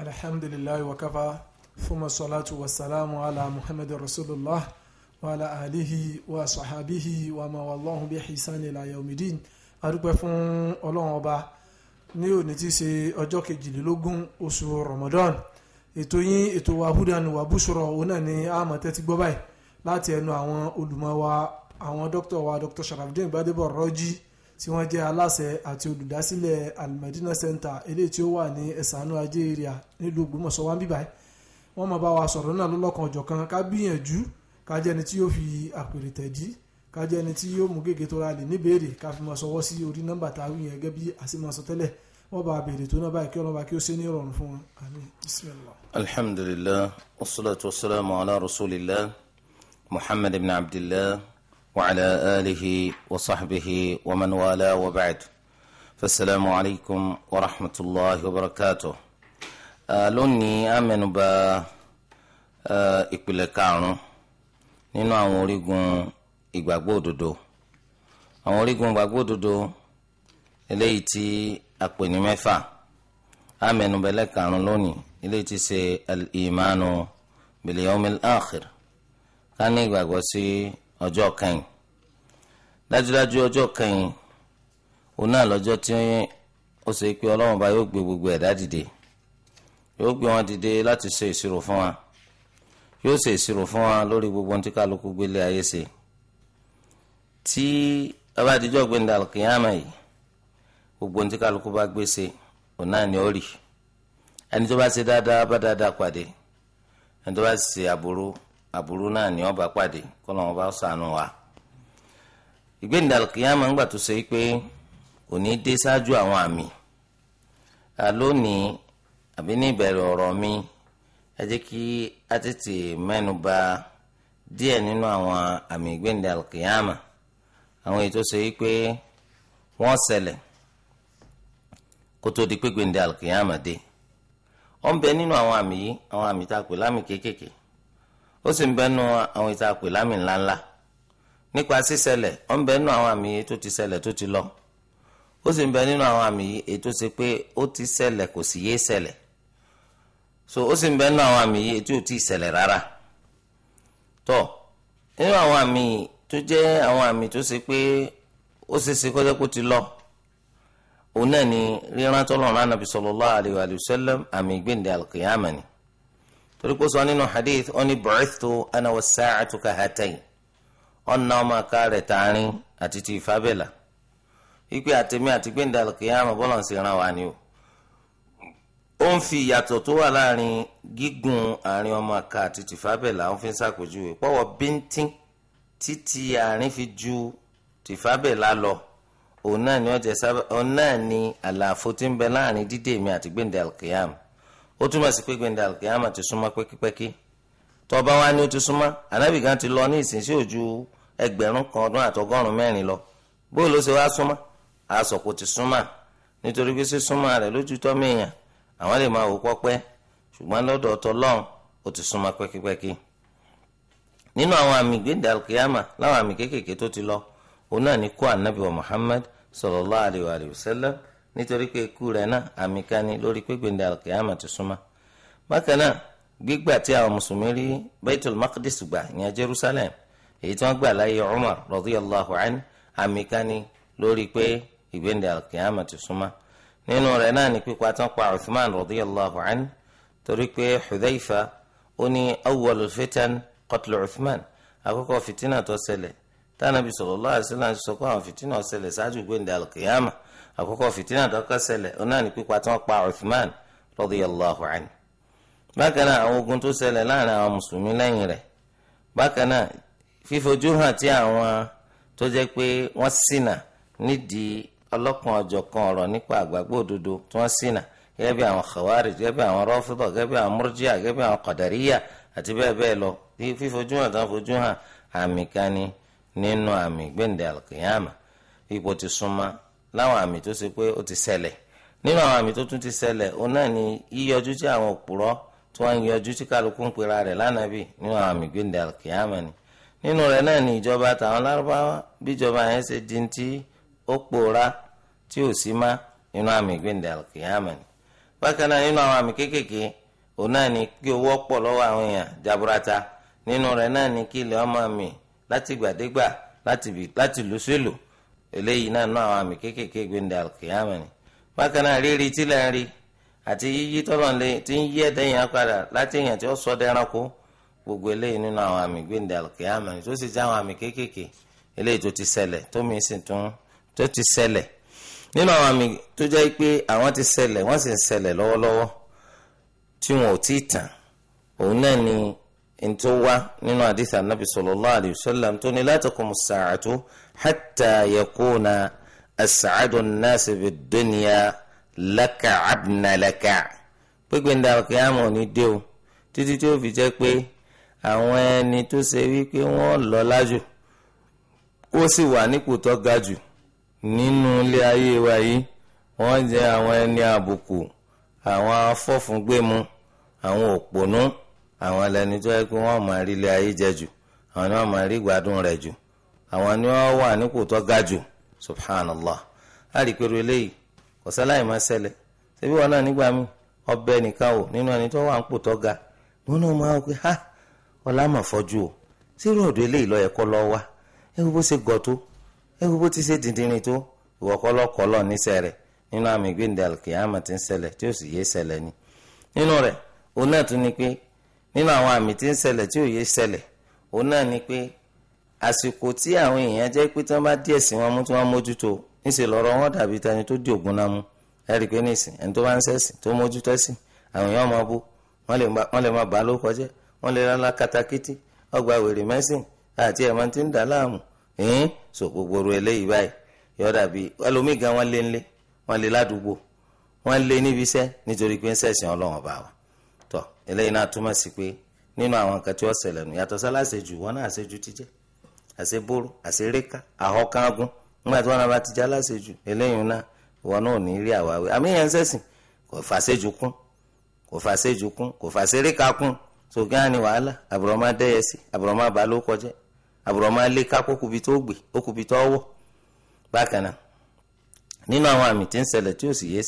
alhamdulilayi wa kafa fuma salatu wa salamu ala muhammadu rasulillah wa ala alihi wa sahabihi wa ma wallahu bi hisan ila yaumidin adúpẹ́ fún ọlọ́run ọba ní òní tí í ṣe ọjọ́ kejìlélógún oṣù ramadan ètò yín ètò wa hudan wa bushra òun náà ni àmọ̀tẹ́ ti gbọ́ báyìí láti ẹnu àwọn olùmọ̀ wa àwọn dókítà wa dr sharafdin gbadebo rọ́jí tí wọ́n jẹ́ aláṣẹ àti olùdásílẹ̀ almadina center eléyìí tí ó wà ní ẹ̀sánú ajé area nílùú Ògbómọ̀ṣọ́ wa ń bíbáyìí wọ́n máa bá wa sọ̀rọ̀ náà lọ́lọ́kan ọ̀jọ̀kan ká gbìyànjú ká ẹni tí yóò fi àpèrè tẹ̀dí ká ẹni tí yóò mú gègé tó ra lè níbèrè ká máa sọwọ́ sí orí nọ́mbà tá a wí yẹn gẹ́gẹ́ bí àṣemọ́sọ tẹ́lẹ̀ wọ́n bá béèrè tó náà báyìí وعلى آله وصحبه ومن والاه وبعد فالسلام عليكم ورحمة الله وبركاته لوني أمن با ìpìlẹ̀ karùn-ún nínú àwọn orígun ìgbàgbọ́ òdodo àwọn orígun ìgbàgbọ́ òdodo eléyìí tí a pè ní mẹ́fà a mẹ́nubẹ̀lẹ̀ karùn-ún lónìí eléyìí tí ṣe al-imanu bil yawmil akhir ká ní ìgbàgbọ́ sí ọjọ́ kẹyìn dájúdájú ọjọ́ kẹyìn òun náà lọ́jọ́ tí ó ṣe pé ọlọ́run bá yóò gbé gbogbo ẹ̀dá dìde yóò gbé wọn dìde láti ṣe ìṣirò fún wa yóò ṣe ìṣirò fún wa lórí gbogbo ohun tí kálukú gbélé ayé ṣe tí ọba àdìjọ́ gbẹ̀ndà kìyàmà yìí gbogbo ohun tí kálukú bá gbé ṣe òun náà ni ó rì ẹni tó bá ṣe dáadáa bá dáadáa pàdé ẹni tó bá ṣe àbúrú àbúrú náà ni ó pàdé kọ́ lọ́wọ́ bá ṣàánú wa. ìgbéǹde alkiyama ńgbà tó ṣe pé òní dé ṣáájú àwọn àmì lónìí àbí ní ìbẹ̀rẹ̀ ọ̀rọ̀ mi ẹ jẹ́ kí a tètè mẹ́nu bà díẹ̀ nínú àwọn àmì ìgbéǹde alkiyama àwọn èyí tó ṣe pé wọ́n ṣẹlẹ̀ kó tó di pé gbéǹde alkiyama dé ó ń bẹ nínú àwọn àmì yìí àwọn àmì tá a pè lámì kéékèèké ó sì ń bẹ nínú nípa sísẹlẹ̀ ó ń bẹ nínú àwọn àmì yìí tó ti ṣẹlẹ̀ tó ti lọ ó sì ń bẹ nínú àwọn àmì yìí ṣe ti sẹlẹ kò sì yéé ṣẹlẹ̀ so ó sì ń bẹ nínú àwọn àmì yìí ti sẹlẹ rárá tọ nínú àwọn àmì tó jẹ́ àwọn àmì tó ṣe pé ó ṣe ṣe kọjá ti lọ òun náà ni ríran tọ́lọ́run anabi sallallahu alayhi wa sallam àmì ìgbéǹde al ni torí sọ nínú hadith ọ̀nà ọmọ aka rẹ̀ tààrin àti ti ìfábẹ́là wípé àtẹ̀mí àti gbẹ̀ndàlùkì àrùn bọ́lọ̀ sí ran wa ni o ó ń fi ìyàtọ̀ tó wà láàrin gígùn àárín ọmọ aka àti ti ìfábẹ́là ó fi ń ṣàpèjúwe pọ́wọ́ bíntín títí àárín fi ju ti ìfábẹ́là lọ òun náà ni ọjà sábà òun náà ni àlàfo tí ń bẹ láàrin dídé mi àti gbẹ̀ndàlùkì àrùn ó túmọ̀ sí pé gbẹ̀ndàlùkì àrùn ti súnmọ́ pẹ́kípẹ́kí tọ́ba wa ni ó ti súnmọ́ ànábì ti lọ ní ìsìn sí ẹgbẹ̀rún kan ọdún àtọgọ́rùn mẹ́rin lọ bó ló ṣe wá súnmọ́ aṣọ kò ti súnmọ́ nítorí pé sísúnmọ́ rẹ̀ lójútọ́ mìíyàn àwọn lè máa wò pọ́pẹ́ ṣùgbọ́n lọ́dọ̀ ọ̀tọ̀ lọ́hùn ó ti súnmọ́ pẹ́kípẹ́kí. nínú àwọn àmì gbẹ̀dẹ̀ alkiyama láwọn àmì kéékèèké tó ti lọ òun náà ní kú ànábì wa Muhammad sallallahu alaihi wa sallam nítorí pé ikú rẹ̀ náà àmì kan lórí pé gbẹ̀dẹ̀ alkiyama ti súnmọ́. bákan náà gbígbà tí àwọn mùsùlùmí rí Baitul Maqdis gbà ní Jerusalem èyí tí wọ́n gbà láyé Umar radiyallahu anhu àmì kan ní lórí pé ìgbéǹde alkiyama ti súnmọ́ nínú rẹ̀ náà ní pípa tán pa Uthman radiyallahu anhu torí pé Hudhayfa ó ní awwalul fitan qatlu Uthman àkọ́kọ́ fitina tó ṣẹlẹ̀ tánàbí sallallahu alaihi wasallam sọ pé àwọn fitina ṣẹlẹ̀ ṣáájú ìgbéǹde alkiyama àkọ́kọ́ fitina tó kọ́ ṣẹlẹ̀ ó náà ní pípa tán pa Uthman radiyallahu anhu bákan náà àwọn ogun tó ṣẹlẹ̀ láàrin àwọn mùsùlùmí lẹ́yìn rẹ̀ bákan náà fífojú hàn tí àwọn tó jẹ́ pé wọ́n ṣìnà nídìí ọlọ́kan ọ̀jọ̀kan ọ̀rọ̀ nípa àgbàgbọ́ òdodo tí wọ́n ṣìnà gẹ́gẹ́ bí àwọn khawarij gẹ́gẹ́ bí àwọn rọ́fídọ̀ gẹ́gẹ́ bí àwọn murjia gẹ́gẹ́ bí àwọn qadariya àti bẹ́ẹ̀ bẹ́ẹ̀ lọ fífojú hàn tán fojú hàn àmì kan ni nínú àmì gbẹ̀ǹdẹ̀ alkiyama ipò ti súnmọ́ láwọn àmì tó ṣe pé ó ti ṣẹlẹ̀ nínú àwọn àmì tó tún ti ṣẹlẹ̀ òun náà ni yíyọjú tí àwọn òpùrọ́ tí wọ́n ń yọjú tí kálukú ń pera rẹ̀ lánàbì nínú àwọn àmì gbẹ̀ǹdẹ̀ alkiyama ni nínú rẹ̀ náà ní ìjọba tàwọn lárúbáwá bí ìjọba yẹn ṣe di ti ó pòórá tí ò sí má nínú àmì ìgbéǹde alkiyama ni bákan náà nínú àwọn àmì kéékèèké òun náà ní kí owó pọ̀ lọ́wọ́ àwọn èèyàn jaburata nínú rẹ̀ náà ní kí ilẹ̀ ọmọ mi láti gbàdégbà láti lù sílù eléyìí náà nú àwọn àmì kéékèèké ìgbéǹde alkiyama ni bákan náà rírí tí lẹ́ẹ̀rí àti yíyí tọ́lọ̀ tí ń yí ẹ̀dẹ́yìn gbogbo eléyìí nínú àwọn àmì gbéǹde àlùkìyàmà tó sì jẹ́ àwọn àmì kéékèèké eléyìí tó ti ṣẹlẹ̀ tó mi sì tún tó ti ṣẹlẹ̀ nínú àwọn àmì tó jẹ́ pé àwọn ti ṣẹlẹ̀ wọ́n sì ń ṣẹlẹ̀ lọ́wọ́lọ́wọ́ tí wọn ò tí ì tàn òun náà ni n tó wá nínú àdìsá nàbì sallallahu alayhi wa sallam tó ní la taqumu as-sa'atu hatta yakuna as'adu an-nasi bid-dunya laka abna laka gbégbé ndàlùkìyàmà ò ní dé o títí tó fi jẹ́ pé. Mm àwọn ẹni tó ṣe wípé wọ́n lọ lájù kó sì wà nípò tó ga jù nínú ilé ayé wa yìí wọ́n jẹ́ àwọn ẹni àbùkù àwọn afọ́fúngbẹ́mu àwọn òpònú àwọn ẹlẹ́ni tó yẹ pé wọ́n máa rí ilé ayé jẹ jù àwọn ni wọ́n máa rí ìgbádùn rẹ̀ jù àwọn ni wọ́n wà nípò tó ga jù subhanallah àríkèrò eléyìí kò sáláì máa ṣẹlẹ̀ ṣébí wọn náà nígbà míì ọbẹ̀ nìkan ò nínú ẹni tó wà nípò tó ga wọn náà máa wọ ha ọlámọ̀ fọ́jú o sírò ọ̀dọ̀ eléyìí lọ́yẹ kọ́ lọ́ wá ẹ wo bó ṣe gọ̀ tó ẹ wo bó ti ṣe dìndínrín tó ìwọ kọ́lọ́kọ́lọ́ níṣẹ́ rẹ̀ nínú àmì gbẹ̀ǹdẹ̀ alkiyama ti ń ṣẹlẹ̀ tí ó sì yé ṣẹlẹ̀ ni nínú rẹ̀ òun náà tún ni pé nínú àwọn àmì tí ń ṣẹlẹ̀ tí ò yé ṣẹlẹ̀ òun náà ni pé àsìkò tí àwọn èèyàn jẹ́ pé tí wọ́n bá díẹ̀ sí wọn mú tí wọ́n mójútó níṣẹ́ lọ́rọ̀ wọn dàbí tani tó di ògùn náà mú ẹ rí i pé nísìn ẹni tó bá ń ṣẹ̀sìn tó mójútó sí àwọn èèyàn máa bú wọ́n lè má bàá ló kọjá wọ́n lè rán katakiti ọgbà wèrè mẹ́sìn àti ẹ̀ máa ti ń dà láàmú so gbogbo ru eléyìí báyìí yọ dàbí wọ́n lé wọ́n lé ládùúgbò wọ́n lé níbi iṣẹ́ nítorí pé ń wa tọ́ eléyìí náà túmọ̀ sí pé nínú àwọn nǹkan tí wọ́n ṣẹlẹ̀ nù yàtọ̀ wọn náà àṣejù jíjẹ́ àṣeboro àṣeréka nígbà tí wọn náà bá ti eléyìí náà wọn náà ò ní rí àwáwí àmì ń kò so gaa á ní wàhálà àbùrọ̀ máa dẹ́yẹ sí àbùrọ̀ máa bá ló kọjá àbùrọ̀ máa lé ká kókùbí tó gbé kókùbí tó wọ̀ bákan náà nínú àwọn àmì tí ń ṣẹlẹ̀ tí ò sì yé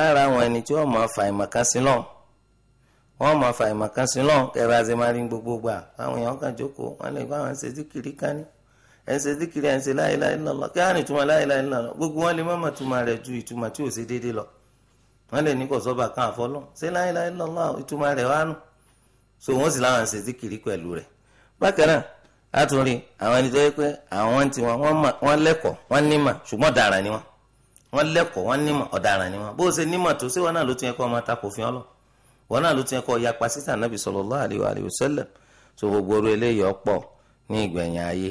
ara awon eni ti o mo fa ìmọ̀kan sí lọ́n wọ́n fa ìmọ̀kan sí lọ́n gbogbo gba awon èèyàn kan jókòó wọn wọ́n lè ní kò sọ́ba kan àfọlọ́ ṣé la ilaha illallah ìtumọ̀ rẹ̀ so wọ́n sì láwọn ṣe zikiri pẹ̀lú rẹ̀ bákan náà látòrí àwọn ẹni tó yẹ pé àwọn ti wọn wọ́n lẹ́kọ̀ọ́ wọ́n nímọ̀ ṣùgbọ́n ọ̀daràn ni wọ́n wọ́n lẹ́kọ̀ọ́ wọ́n nímọ̀ ọ̀daràn ni wọ́n bó ṣe nímọ̀ tó ṣé wọn náà ló ti yẹ kó ọmọ takò fi ọlọ wọn náà ló ti yẹ kó yapa sísà nàbì sallallahu alaihi wa sallam so gbogbo orí eléyìí ọ̀pọ̀ ní ìgbẹ̀yìn ayé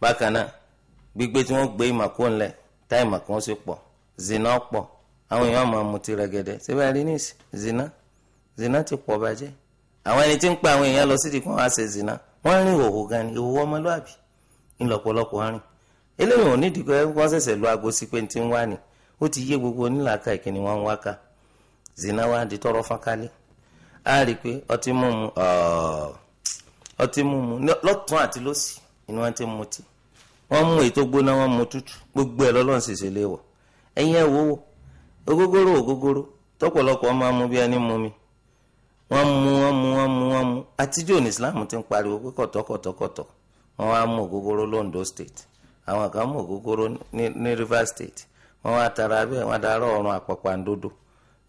bákan náà gbígbé tí wọ́n gbé ìmọ̀kó ńlẹ̀ táìmọ̀ kan ṣe pọ̀ zina ọ̀pọ̀ àwọn èèyàn máa mutí rẹ̀gẹ̀dẹ̀ ṣé bá zina zina ti pọ̀ bàjẹ́ àwọn ẹni tí ń pa àwọn èèyàn lọ sí ìdìkan wá ṣe zina wọ́n rìn ìhòhò gan ni ìhòhò ọmọlúàbí ńlọ́pọ̀lọpọ̀ rìn eléyìí ò ní ìdìkọ wọ́n ṣẹ̀ṣẹ̀ lo aago sí pé ti ń wá ni ó ti yé gbogbo onílàákà ìkíni wọn ń wáka zina wá di tọrọ fọ́nkálẹ̀ á rí i pé ọtí mímu ọtí mímu lọ́tún àti lọ́sì ni wọ́n ti mutí wọ́n mú ètò gbóná wọ́n mu tútù gbogbo ẹ̀ lọ́lọ́run ṣèṣe léwọ̀ ẹ̀yin ẹ̀ wọ́wọ́ Ogogoro ogogoro, tọ́pọ̀lọpọ̀ máa mú bí ẹni mú mi wọ́n mú wọ́n mú wọ́n mú wọ́n àtijọ́ ní Islam ti ń pariwo pé kọ̀tọ̀kọ̀tọ̀kọ̀tọ̀ wọ́n wá mú ògógóró londo state àwọn kan mú ògógóró ní Rivers state wọ́n wá tara bẹ́ẹ̀ wọ́n darọ́ ọ̀run àpọ̀pàǹdodo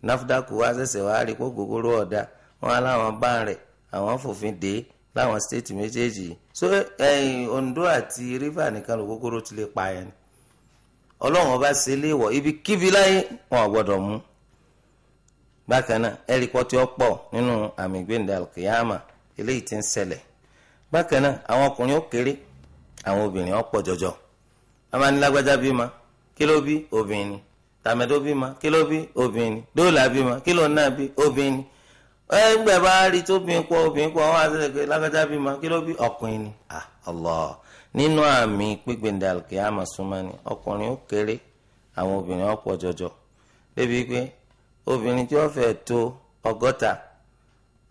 NAFDAC wá ṣẹ̀ṣẹ̀ wá rí pé ògógóró ọ̀dà wọ́n á láwọn bá rẹ̀ àwọn fòfin dé láwọn state méjèèjì so ẹ̀yìn Ondo àti river nìkan ògógóró ti lè pa ẹni ọlọ́run ọba ṣe lé wọ̀ ibi kíbi láyé wọn ò gbọ́dọ̀ mú bákan náà ẹ̀rí pọ́ tí ó pọ̀ nínú àmì gbẹ̀ndẹ̀ alkiyama eléyìí ti ń ṣẹlẹ̀ bákan náà àwọn ọkùnrin ó kéré àwọn obìnrin ó pọ̀ jọjọ amánilágbájá bímọ kí ló bí obìnrin tàmẹ́dó bímọ kí ló bí obìnrin dóòlà bímọ kí ló náà bí obìnrin ẹgbẹ́ bá rí tóbi pọ̀ obìnrin pọ̀ àwọn àti lágbájá bímọ kí ló bí ọkùnrin ni ah Allah nínú àmì pípéǹda alkiyama súnmọ́ni ọkùnrin ó kéré àwọn obìnrin ọ̀pọ̀ jọjọ débi pé obìnrin tí wọ́n fẹ́ tó ọgọ́ta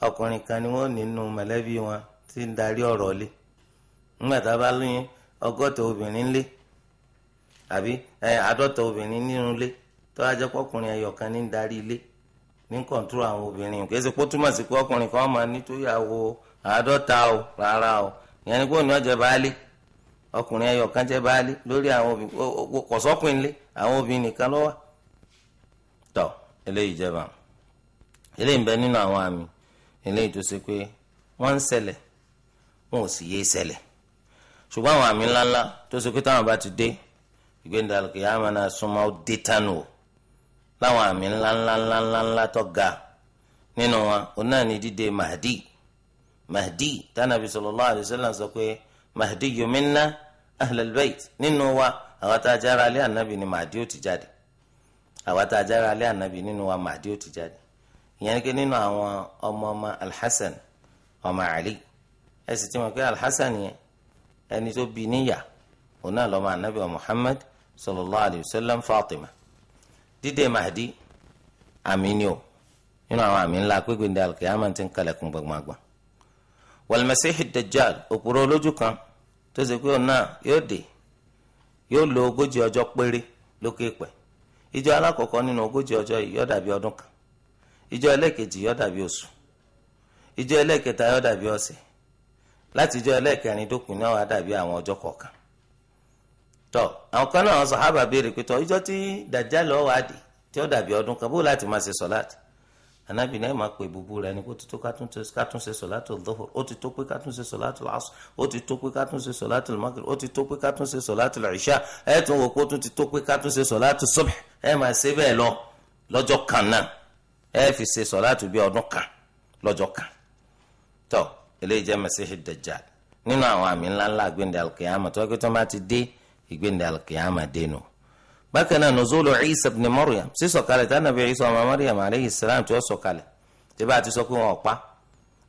ọkùnrin kan ni wọ́n nínú mọ̀lẹ́bí wọn ti ń darí ọ̀rọ̀ lé nígbà a bá lóyún ọgọ́ta obìnrin lé àbí àádọ́ta obìnrin nínú ilé tó a jẹ́ pọ́kùnrin ní ń darí ilé ní kọ̀ǹtúrò àwọn obìnrin pé ni pé òun ni wọ́n ọkùnrin ẹyọ kan jẹ́ baali lórí àwọn obìnrin àwọn obìnrin nìkan ló wà. tọ́ eléyìí jẹba eléyìí bẹ nínú àwọn àmì eléyìí tó ṣe pé wọ́n ń ṣẹlẹ̀ wọn ò sì yé ṣẹlẹ̀ ṣùgbọ́n àwọn àmì ńláńlá tó ṣe pé táwọn bá ti dé ìgbéǹdàlùkì yàrá máa ó o láwọn àmì ńláńláńláńlá tó Mahdi Mahdi tánàbí sọ pé Mahdi yomina. ahlal bayt nínú wa àwa tá a jára alẹ́ ànábì ni màdí ó ti jáde àwa tá a jára alẹ́ ànábì nínú wa màdí ó ti jáde ìyẹn ni pé nínú àwọn ọmọ ọmọ alhassan ọmọ ali ẹ sì ti mọ̀ pé alhassan yẹn ẹni tó bí níyà òun náà lọ́mọ ànábì wa muhammad sallallahu alayhi wa sallam fatima dídé màdí àmì ni o nínú àwọn àmì ńlá pé gbèndé alkiyama ti ń kalẹ̀ kún gbàgbàgbà wal masihid òpùrọ̀ olójú kan tó ṣe pé òun náà yóò dé yóò lo ogójì ọjọ́ péré lókè pẹ̀ ìjọ alákọ̀ọ́kọ́ nínú ogójì ọjọ́ yìí yóò dàbí ọdún kan ìjọ ẹlẹ́ẹ̀kejì yóò dàbí oṣù ìjọ ẹlẹ́ẹ̀kẹta yóò dàbí ọ̀sẹ̀ láti ìjọ ẹlẹ́ẹ̀kẹrin dókun náà wà dàbí àwọn ọjọ́ kọ̀ọ̀kan tọ àwọn kan náà àwọn béèrè pé tọ ìjọ tí dàjálù ó dé tí ó dàbí ọdún kan bó láti máa ṣe sọ̀láàtì anabi náà máa pè bùbù rẹ ni kó ti tó kátúnṣe sọ̀látò dọ́fọ̀ ó ti tó pé kátúnṣe sọ̀látò asr ó ti tó pé kátúnṣe sọ̀látò maghrib ó ti tó pé kátúnṣe sọ̀látò ìṣá ẹ̀ tún wò kó tún ti tó pé kátúnṣe sọ̀látò subh ẹ̀ máa ṣe bẹ́ẹ̀ lọ lọ́jọ́ kan náà ẹ̀ fi ṣe sọ̀látò bí ọdún kan lọ́jọ́ kan tọ́ eléyìí jẹ́ masihi dajjal nínú àwọn àmì ńláńlá ìgbéǹde alkiyama tó wá pé tó má ti dé ìgbéǹde alkiyama dénú bákan náà nuzulu Isa ibn Maryam sísọ̀kalẹ̀ tá nàbí Isa ọmọ Maryam aleyhi salam tí ó sọ̀kalẹ̀ tí bá a ti sọ pé wọn ò pa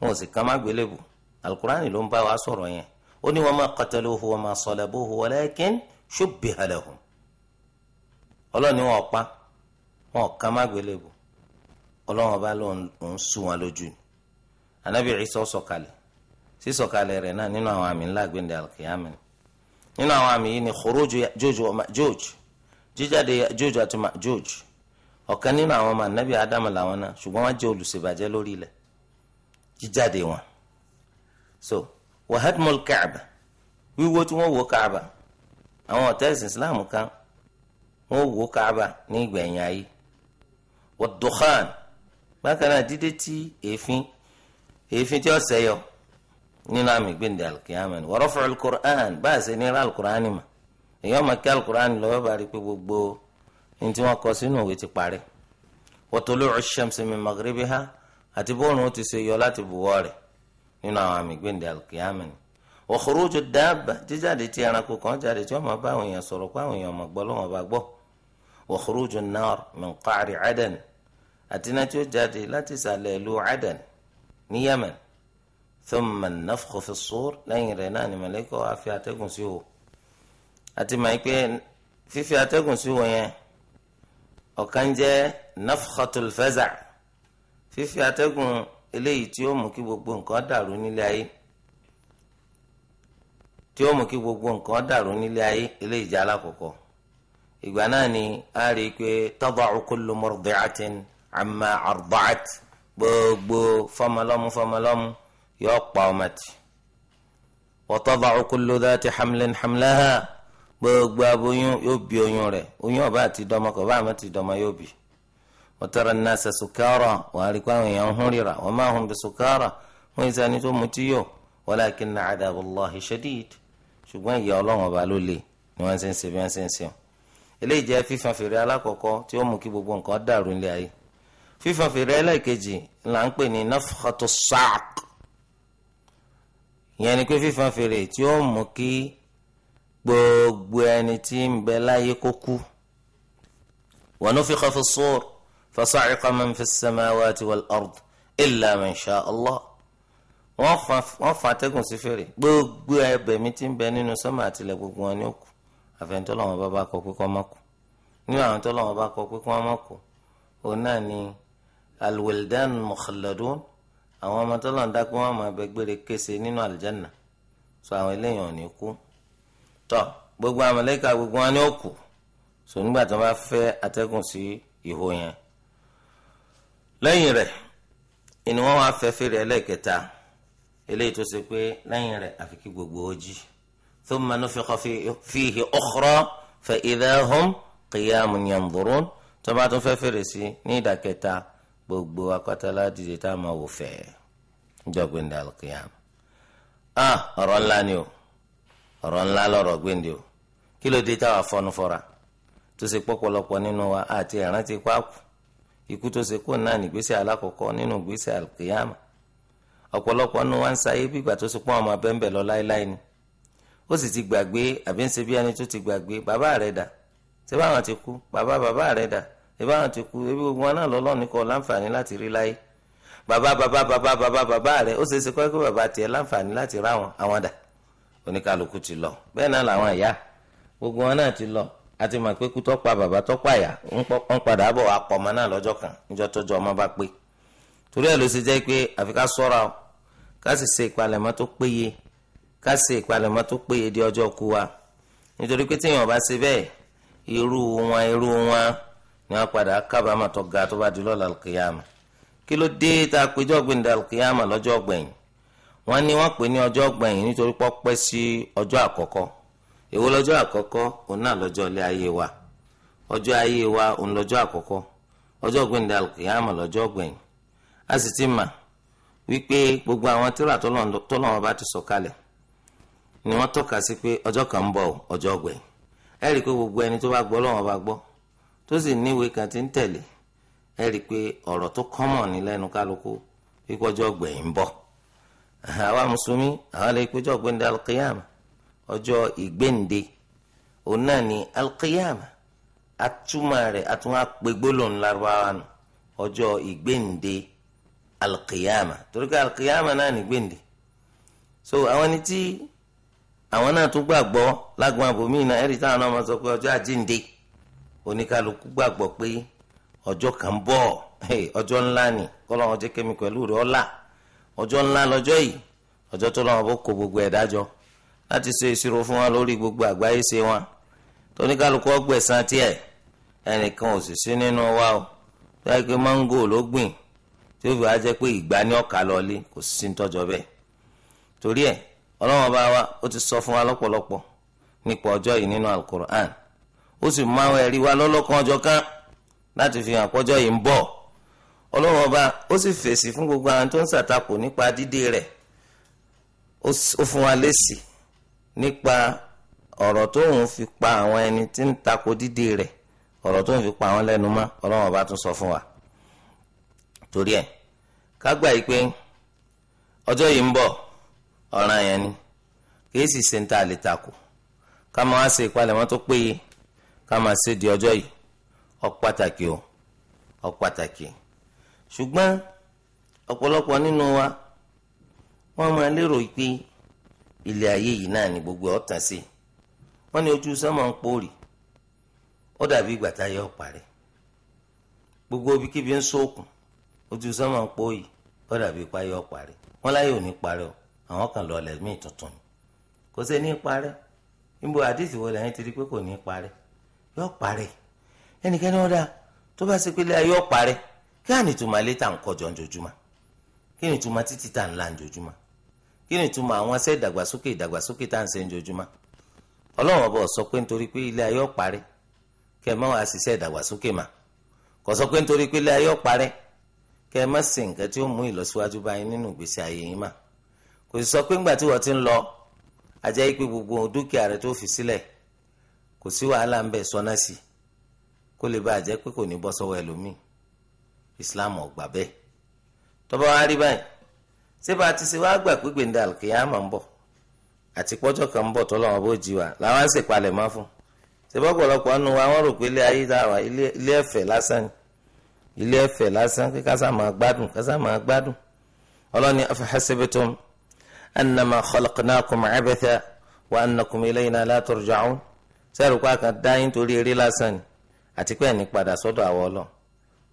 wọn ò sì kàn má gbélébù alukurani ló ń bá wa sọ̀rọ̀ yẹn ó ní wa ma qataluhu wa ma salabuhu walakin shubbiha lahum ọlọ́ni wọn ò pa wọn ò kàn má gbélébù ọlọ́wọ́n bá lóun sùn wọn lójú ni anabi Isa sọ̀kalẹ̀ sísọ̀kalẹ̀ rẹ̀ náà nínú àwọn àmì ńlá gbẹ̀ndẹ̀ jíjáde Yájúj àti Májúj ọ̀kan nínú àwọn ọmọ ànábì ádámù làwọn náà ṣùgbọ́n wọ́n jẹ́ olùṣèbàjẹ́ lórí ilẹ̀ jíjáde wọn. so wahadmul kaaba wíwó tí wọ́n wó kaaba àwọn ọ̀tá ẹ̀sìn islam kan wọ́n wó kaaba ní ìgbẹ̀yìn ayé wad-dukhan bákan náà dídé tí èéfín èéfín tí ó ṣẹ́yọ nínú àmì gbẹ̀ndẹ̀ alkiyama ni wa báyìí ṣe ní ra alukóran ni mà èyàn máa kí alukur'an lọ yọba rí pé gbogbo ní tí wọ́n kọ sínú òwe ti parí wa tulu'u shamsi min maghribiha àti bóòrùn ó ti ṣe yọ láti buwọ́ rẹ̀ nínú àwọn àmì gbẹ̀ndé alukiyamani wa khuruju dáàbà jíjáde tí ẹranko kan jáde tí wọ́n máa bá àwọn èèyàn sọ̀rọ̀ pé àwọn èèyàn máa gbọ́ lọ́wọ́ bá gbọ́ wa khuruju an-nar min qa'ri àti iná tí ó jáde láti ìsàlẹ̀ ìlú Adan ní Yemen thumma an-nafkhu fi as-sur lẹ́yìn rẹ̀ náà ni màlẹ́kọ̀ àfi àtẹ́gùn sí òun àti mọ̀ pé fífi atẹ́gùn sí wọn yẹn ọ̀kan jẹ́ nafkhatul faza' fífi atẹ́gùn eléyìí tí ó mú kí gbogbo nǹkan dàrú nílé ayé tí ó mú kí gbogbo nǹkan dàrú nílé ayé eléyìí jẹ́ alákọ̀ọ́kọ́ ìgbà náà ni a rí i pé tada'u kullu murdi'atin amma arda'at gbogbo fọmọlọ́mú fọmọlọ́mú yóò pa ọmọ tì wa tada'u kullu dhati hamlin hamlaha gbogbo aboyún yóò bí oyún rẹ̀ oyún ọba àti dọmọ kọba àmọ́ ti dọmọ yóò bí wọtara nasa sukara wọn àríkọ àwọn èèyàn ń hún rira wọn máa hun bí sukara wọn yìí sani tó mutí yó walakin na adabu allahi shadid ṣùgbọ́n ìyà Ọlọ́run ọba ló le ni wọn ṣe ń ṣe bí wọn ṣe ń ṣe wọn. eléyìí jẹ́ fífan fèrè alákọ̀ọ́kọ́ tí ó mú kí gbogbo nǹkan dàrú nílé ayé fífan fèrè ẹlẹ́ẹ̀kejì là ń pè ní nafkhatu sa'q ìyẹn ni pé fífan fèrè tí ó mú kí gbogbo ẹni tí ń bẹ láyé kó kú wa nufikha fi s-sur fa sa'iqa man fi s-samawati wal-ard illa man sha'a Allah wọ́n fa atẹ́gùn sí fèrè gbogbo ẹbẹ̀mí tí ń bẹ nínú sọ́mà àtìlẹ̀ gbogbo wọn ni ó kù àfẹnutọ́ làwọn bá bá kọ pé kí má kú nínú àwọn tó làwọn bá kọ pé kí má kú òun náà ni alwildan mukhalladun àwọn ọmọ tó lọ́n dá pé wọ́n máa bẹ gbére kése nínú aljanna so àwọn eléyàn ò ní kú tọ́ gbogbo àmàlẹ́kà gbogbo wọn ni ó kù sọ nígbà tí wọ́n bá fẹ́ atẹ́gùn sí ìhó yẹn lẹ́yìn rẹ̀ ìní wọ́n wá fẹ́ fèrè ẹlẹ́ẹ̀kẹta eléyìí tó ṣe pé lẹ́yìn rẹ̀ àfi kí gbogbo ó jí thumma nufikha fihi ukhra fa idha hum qiyamun yanzurun tó bá tún fẹ́ fèrè sí ní ìdàkẹta gbogbo akọ́tàlá dìde tá a máa wò fẹ́ ẹ̀ ń jọ gbẹ̀ndà al ńlá ni o ọ̀rọ̀ ńlá lọ̀rọ̀ gbéǹde o kí ló dé táwa fọnú fọra tó ṣe pọ̀pọ̀lọpọ̀ nínú wa àti ìrántí pákó ikú tó ṣe kó náà nígbésẹ̀ alákọ̀ọ́kọ́ nínú ìgbésẹ̀ alkiyama ọ̀pọ̀lọpọ̀ nínú wa ń sáyé bígbà tó ṣe pọ́n ọmọ bẹ́ńbẹ̀ lọ láéláé ni ó sì ti gbàgbé àbí ń ṣe bí ẹni tó ti gbàgbé bàbá rẹ̀ dà ṣé báwọn ti kú bàbá bàbá rẹ̀ dà ṣé báwọn ti kú ebi gbogbo wọn náà lọ́lọ́ ní kọ́ láǹfààní láti rí láyé bàbá bàbá bàbá bàbá bàbá rẹ̀ ó ṣeé ṣe kọ́ oníkàlùkù ti lọ bẹ́ẹ̀ náà làwọn ìyá gbogbo wọn náà ti lọ àti mọ̀ pé kú tọ́pa bàbá tọ́pa ìyá ń padà bọ̀ pọ̀ ọmọ náà lọ́jọ́ kan níjọ́ tọ́jú ọmọ bá pé torí ẹ̀ ló ṣe jẹ́ pé àfi ká sọ́ra o péye ká ṣe ìpalẹ̀mọ́ péye di ọjọ́ wa nítorí pé bá ṣe bẹ́ẹ̀ irú wọn irú wọn ni wọn padà tó ga tó bá kí ló dé tá wọ́n ní wọ́n pè ní ọjọ́ gbẹ̀yìn nítorí pọ́pẹ́ sí ọjọ́ àkọ́kọ́ èwo lọ́jọ́ àkọ́kọ́ òun náà lọ́jọ́ ilé ayé wa ọjọ́ ayé wa òun lọ́jọ́ àkọ́kọ́ ọjọ́ gbẹ̀yìn dàlùkìyàmọ̀ lọ́jọ́ gbẹ̀yìn a sì ti mà wípé gbogbo àwọn tíra tọ́lọ́wọ́n bá ti sọ kalẹ̀ ni wọ́n tọ́ka sí pé ọjọ́ kan ń bọ̀ ọjọ́ gbẹ̀yìn ẹ rí i pé gbogbo ẹni tó bá gbọ́ àwa mùsùlùmí àwa lè péjọ gbẹndé alqiyama ọjọ́ ìgbẹǹde òun náà ní alqiyama atúmọ̀ rẹ̀ atúmọ̀ apẹgbólóhùn lárúbáwá nù ọjọ́ ìgbẹǹde alqiyama torí pé alqiyama náà ní gbẹǹde so àwọn ẹni tí àwọn náà tún gbàgbọ́ lágbọn abòmíì náà ẹ̀rí táwọn náà máa sọ pé ọjọ́ àjíǹde oníkálukú gbàgbọ́ pé ọjọ́ kan bọ̀ ọjọ́ ńlá ni kọ́lọ́wọ́n jẹ́ kẹ́mi pẹ̀lú rẹ̀ ọ̀la ọjọ́ ńlá lọ́jọ́ yìí ọjọ́ tó lọ́wọ́ bó kó gbogbo ẹ̀dá jọ láti ṣe ìṣirò fún wa lórí gbogbo àgbáyé ṣe wọn tóníkàlùkù ọgbẹ̀sán tiẹ̀ ẹnìkan ò sì sí nínú wa o tó yẹ pé máńgò ló gbìn tí ó fi wá jẹ́ pé ìgbà ní ọ̀kà lọ́ọ́lé kò sí ní tọ́jọ́ bẹ́ẹ̀ torí ẹ̀ ọlọ́wọ́n bá wa ó ti sọ fún wa lọ́pọ̀lọpọ̀ nípa ọjọ́ yìí nínú alukur'an ó sì máa ń ẹ̀rí wa lọ́lọ́kan ọjọ́ kan láti fi hàn pọ́jọ́ yìí ń bọ̀ ọlọ́run ọba ó sì fèsì fún gbogbo àwọn tó ń ṣàtakò nípa dídé rẹ̀ ó fún wa lésì nípa ọ̀rọ̀ tó ń fi pa àwọn ẹni tí ń takò dídé rẹ̀ ọ̀rọ̀ tó ń fi pa àwọn lẹ́nu mọ́ ọlọ́run ọba tún sọ fún wa torí ẹ̀ kágbà yìí pé ọjọ́ yìí ń bọ̀ ọ̀ràn yẹn ni kì í sì ṣe ń ta àlè takò ká máa wá ṣe ìpalẹ̀mọ́ tó péye ká máa ṣe di ọjọ́ yìí ó pàtàkì o ọ pàtàkì ṣùgbọ́n ọ̀pọ̀lọpọ̀ nínú wa wọ́n máa lérò pé ilé ayé yìí náà ni gbogbo ọ̀tàn sí wọ́n ní ojú sánmọ̀ ń pòórì ó dàbí ìgbà táyé gbogbo ibikíbi ń sókun ojú sánmọ̀ ń pòórì ó dàbí ìpáyé ọ̀pá rẹ̀ wọ́n láyé ò parẹ́ o àwọn kan lọ́ọ́ lẹ́mí tuntun ni kò sí ní parẹ́ níbo àdìsí wọlé ti di pé kò ní parẹ́ yọ ẹnikẹ́ni tó bá kí á nìtumọ̀ ilé tà ń kọjọ ojoojúmọ́ títí tà ń la ojoojúmọ́ kí àwọn ìdàgbàsókè ìdàgbàsókè tà ń ṣe ọlọ́run ọba sọ pé nítorí pé ilé ayé ọ̀parẹ́ kẹ́ ẹ má wàá ìdàgbàsókè mà kò sọ pé nítorí pé ilé ayé tí ó mú ìlọsíwájú nínú ìgbésí ayé yín mà sọ pé ńgbà tí wọ́n ti ń lọ ajá yí pé gbogbo dúkìá rẹ tó fi sílẹ̀ kò sí wàhálà islam ò gbà bẹ́ẹ̀ tọ́ba wa rí báyìí ṣé bá a ti ṣe wá gbà pé gbèǹda àlùkìyàmọ̀ ń bọ̀ àti pọ́jọ́ kan ń bọ̀ tọ́lọ́wọ́n bó jí wa làwọn ń ṣèpalẹ̀ mọ́ fún ṣe bọ́ pọ̀lọpọ̀ nu wa wọ́n rò pé ilé ayé dá wa ilé ẹ̀fẹ̀ lásán ilé ẹ̀fẹ̀ lásán kí kásá máa gbádùn kásá máa gbádùn ọlọ́ni afahasibitum annama khalaqnakum abatha wa annakum ilayna la turja'un sẹ́rù pa kan dáyìn torí eré lásán àti pé padà sọ́dọ̀ àwọ̀ ọlọ́run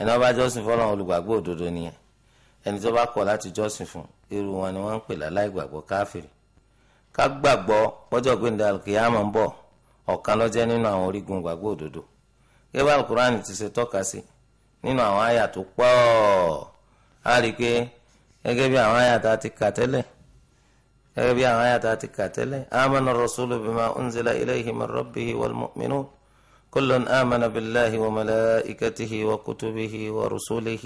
ẹni wọn bá jọ́sìn fún Ọlọ́run olùgbàgbọ́ òdodo nìyẹn ẹni tó bá kọ̀ láti fún irú wọn ni wọ́n ń pè láláì gbàgbọ́ káfíìrì ká gbàgbọ́ pọ́jọ́ gbẹ̀ndé alùkìyàmọ̀ ń bọ̀ ọ̀kan lọ́jẹ́ nínú àwọn orígun gbàgbọ́ òdodo bá ti ṣe sí nínú àwọn àyà tó á rí i a ti kà bí àwọn àyà tá a ti kà كل آمن بالله وملائكته وكتبه ورسوله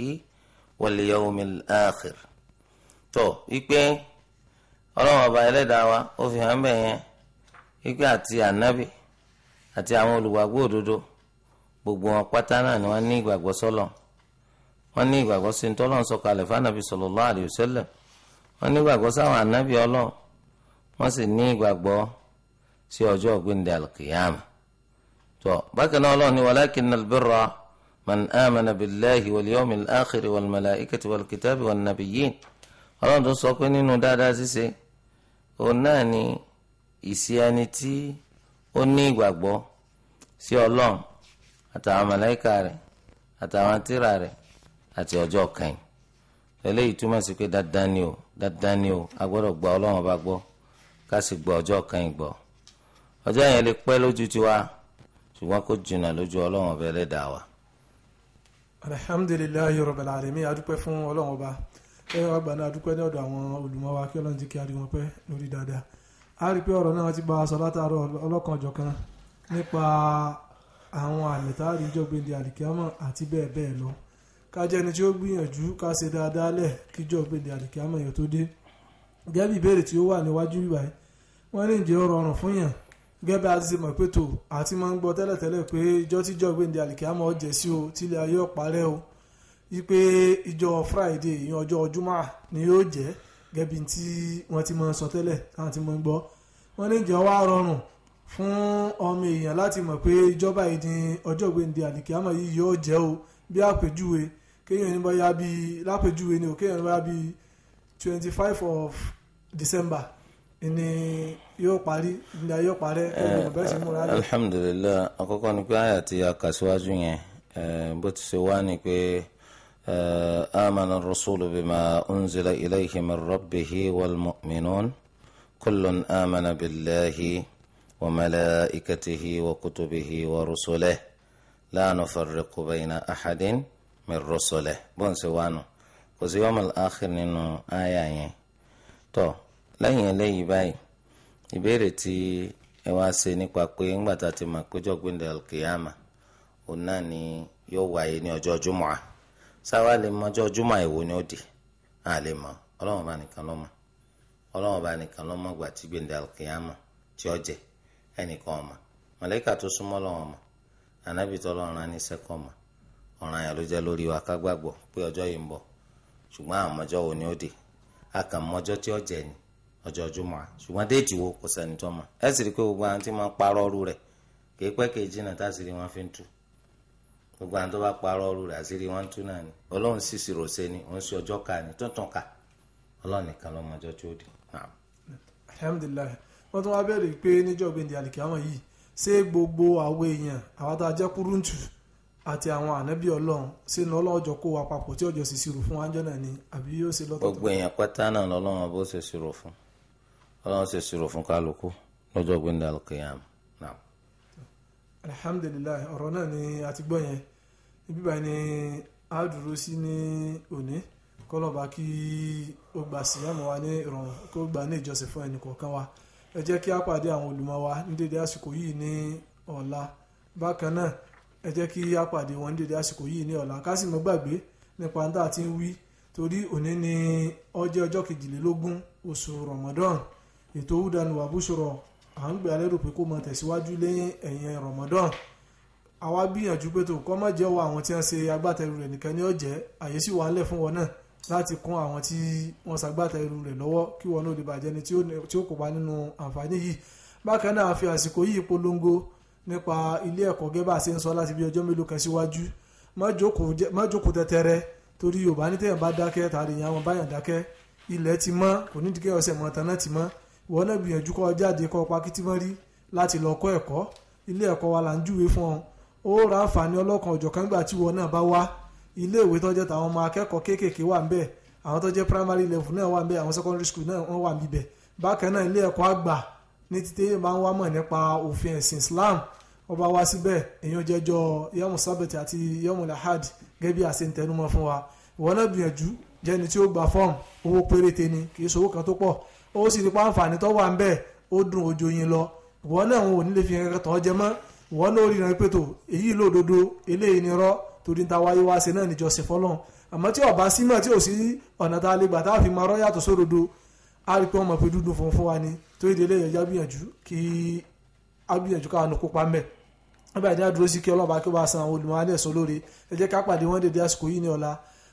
واليوم الآخر تو. ipe ọlọ́run ọba ẹlẹ́dàá wa ó fi hàn bẹ́ẹ̀ yẹn ipe àti ànábì àti àwọn olùgbàgbọ́ òdodo gbogbo wọn pátá náà ni wọ́n ní ìgbàgbọ́ sọ́lọ̀ wọ́n ní ìgbàgbọ́ sí ntọ́lọ́run sọ̀kalẹ̀ fànàbí sallallahu alayhi wa sallam wọ́n ní ìgbàgbọ́ sáwọn ànábì ọlọ́run wọ́n sì ní ìgbàgbọ́ sí ọjọ́ ògbéǹde àlùkìyàmù tọ́ bákan náà ọlọ́run ni walakin albirra man amana billahi wal yawmil akhiri wal malaikati wal kitabi wan nabiyyin ọlọ́run tó sọ pé nínú dáadáa ṣíṣe òun náà ni ìsí tí ó ní ìgbàgbọ́ sí ọlọ́run àtàwọn màláíkà rẹ̀ àtàwọn tírà rẹ̀ àti ọjọ́ kan eléyìí túmọ̀ sí pé dandan ni o dandan ni o a gbọ́dọ̀ gba ọlọ́run bá gbọ́ ká sì gba ọjọ́ kan gbọ́ ọjọ́ yẹn lè pẹ́ lójú tiwa ṣùgbọ́n kò jìnnà lójú ọlọ́run ọba ẹlẹ́dàá wa. alhamdulilayi rabbil alamin adúpẹ́ fún ọlọ́run ọba ẹ wá gbà náà adúpẹ́ ní ọ̀dọ̀ àwọn olùmọ̀ wa kí ọlọ́run ti kí adigun pẹ́ lórí dáadáa a rí i pé ọ̀rọ̀ náà ti bá a sọ látàárọ̀ ọlọ́kan ọ̀jọ̀kan nípa àwọn àmì tá a rí jọ́gbìndì àlìkíámọ̀ àti bẹ́ẹ̀ bẹ́ẹ̀ lọ ká jẹ́ ẹni tí ó gbìyànjú ká ṣe dáadáa lẹ̀ kí jọ́gbìndì àlìkíámọ̀ yẹn tó dé gẹ́bí ìbéèrè tí ó wà níwájú bíbáyìí wọ́n ní ìjẹ́ ọ̀rọ̀ ọ̀rùn fún yàn gẹ́gẹ́ bí a ti mọ̀ pé tó àti máa ń gbọ́ tẹ́lẹ̀tẹ́lẹ̀ pé ìjọ tíjọ́ gbèǹde àlìkíyàmọ̀ ọ̀jẹ̀ sí o tílẹ̀ ayé ọ̀parẹ́ o wípé ìjọ friday ìyẹn ọjọ́ jumá ni yóò jẹ́ gẹ́gẹ́ bí tí wọ́n ti máa ń sọ tẹ́lẹ̀ táwọn ti máa ń gbọ́ wọ́n ní ìjọ wa rọrùn fún ọmọ èèyàn láti mọ̀ pé ìjọba ìdí ọjọ́ gbèǹde àlìkíyàmọ̀ yìí yóò jẹ́ o bí àpèjúwe kéèyàn ní bóyá bíi lápèjúwe ni o kéèyàn ní bóyá bíi twenty five of december ni yóò parí ìgbà yóò parẹ́ eh, olùkọ́bẹ̀ sì múra lẹ. alhamdulilayi àkọ́kọ́ ni pé àyà tí a kà síwájú yẹn eh, bó ti ṣe wá ni pé eh, amana rasulu bima unzila ilayhi min rabbihi wal mu'minun kullun amana billahi wa malaikatihi wa kutubihi wa rusulih la nufarriqu bayna ahadin min rusulih bó ń ṣe kò sí yawmal akhir nínú àyà yẹn tó lẹ́yìn eléyìí báyìí. ibere tí ẹ wá ṣe nípa pé ńgbà ti mọ̀ péjọ gbẹ̀ndẹ̀ kìyàmà òun náà ni yóò wáyé ní ọjọ́ júmọ̀ à sáwá lè mọ ọjọ́ júmọ̀ ni ó a lè mọ ọlọ́run bá nìkan ló ọlọ́run bá nìkan ló gbà tí gbẹ̀ndẹ̀ kìyàmà tí ó jẹ ẹnìkan ọmọ mọ̀lẹ́kà tó súnmọ́ lọ́wọ́ ànábì tó ní ọ̀ràn ọjọ́ jùmọ̀ à ṣùgbọ́n déètì wo kò sẹ́ni tó mọ̀ ẹ sì rí i pé gbogbo àwọn tí wọ́n parọ́ ọrú rẹ̀ kìí pẹ́ kejì náà táṣìírí wọn fi ń tú gbogbo àwọn tó bá parọ́ ọrú rẹ̀ àṣírí wọn ń náà ni ọlọ́run sì sì rọ̀ṣẹ́ ni òun sì ọjọ́ ká ni tuntun ká ọlọ́run nìkan ló mọ ọjọ́ tí ó di. alhamdulilayi wọ́n tún wá bẹ̀rẹ̀ pé níjọ́ gbèndé àlìkàmọ́ yìí ṣé gbogbo àwọn èèyàn àwọn tó ajẹ́ kúrúǹtù àti àwọn ànábì ọlọ́run sínú ọlọ́jọ́ kó wa papọ̀ tí ọjọ́ sì ṣirò fún wájọ́ náà ni àbí yóò ṣe lọ́tọ̀ọ̀tọ̀. gbogbo èèyàn pátá náà lọ́lọ́run ọbọ̀ ṣe ṣirò fún ọlọ́run ṣe ṣòro fún kálukú lọ́jọ́ gbẹ̀ndà alkiyam náà. alhamdulilayi ọ̀rọ̀ náà ni a ti gbọ́ yẹn ibi báyìí ni a dúró sí ní òní kọlọ́ba kí ó gba síyàmù wa ní ìrọ̀rùn kó gba ní ìjọsìn fún ẹnì kọ̀ọ̀kan wa ẹ jẹ́ kí a pàdé àwọn olùmọ̀ wa ní dédé àsìkò yìí ní ọ̀la bákan náà ẹ jẹ́ kí a pàdé wọn ní dédé àsìkò yìí ní ọ̀la ká sì mọ́ gbàgbé nípa tá a ti ń wí torí òní ni ọjọ́ ọjọ́ kejìlélógún oṣù Ramadan ètò húdánù àbúṣọrọ à ń gbà lérò pé kó mọ tẹ̀síwájú lẹ́yìn ẹ̀yìn Ramadan àwa gbìyànjú pé tó kọ́ mọ̀ jẹ́wọ́ àwọn tí wọ́n ṣe agbátẹrù rẹ̀ nìkan ní ọ̀jẹ́ àyè sì wà ńlẹ̀ fún wọn náà láti kún àwọn tí wọ́n ṣagbátẹrù rẹ̀ lọ́wọ́ kí wọn náà lè bàjẹ́ ni tí ó kópa nínú àǹfààní yìí bákan náà fi àsìkò yìí polongo nípa ilé ẹ̀kọ́ gẹ́bà ṣe ń sọ láti bí ọjọ́ mélòó kan síwájú má jókòó tẹ́tẹ́rẹ́ torí Yorùbá ní tẹ́yàn bá dákẹ́ tàbí ìyá báyàn dákẹ́ ilẹ̀ ti mọ́ kò ní dikẹ́ ọ̀sẹ̀ mọ́ ti mọ́ wọ́n náà gbìyànjú kọ́ jáde kọ́ pa kìtìmọ́rí láti lọ kọ́ ẹ̀kọ́ ilé ẹ̀kọ́ wa là ń júwe fún ọ ó ra àǹfààní ọlọ́kan ọ̀jọ̀kan gbà tí wọ́n náà bá wá ilé ìwé tó jẹ́ tàwọn ọmọ akẹ́kọ̀ọ́ kéékèèké wà ń àwọn tó primary level náà wà ń àwọn secondary school náà wọ́n wà ń bákan náà ilé ẹ̀kọ́ àgbà ní títí máa ń wá mọ̀ nípa òfin ẹ̀sìn Islam ọba wá síbẹ̀ èèyàn jẹjọ yọmù sábẹ̀tì àti yọmù lahad gẹ́gẹ́ bí àṣẹ ń tẹnumọ́ fún wa ìwọ náà gbìyànjú jẹ́ni tí ó gba fọ́ọ̀mù owó péréte ni kì í ṣòwò kan tó pọ̀ o sì rí pa àǹfààní tó wà ń bẹ̀ ó dùn ojú yín lọ ìwọ náà wọn ní lè fi kankan tọ́ jẹ mọ́ ìwọ náà ó rí ìran pètò èyí lòdodo eléyìí ni rọ́ torí ta wáyé wá ṣe náà níjọsìn fọlọ́n àmọ́ tí ọba símọ̀ tí ò sí ọ̀nà tá a lè gbà tá a fi máa rọ́ yàtọ̀ sódodo a rí pé wọ́n mọ̀ pé dúdú fún fún wa ni torí délé ìyẹn gbìyànjú kí a gbìyànjú kópa sí kí ọlọ́ba kí san lóore ẹ jẹ́ ká pàdé wọn dédé àsìkò yìí ní ọ̀la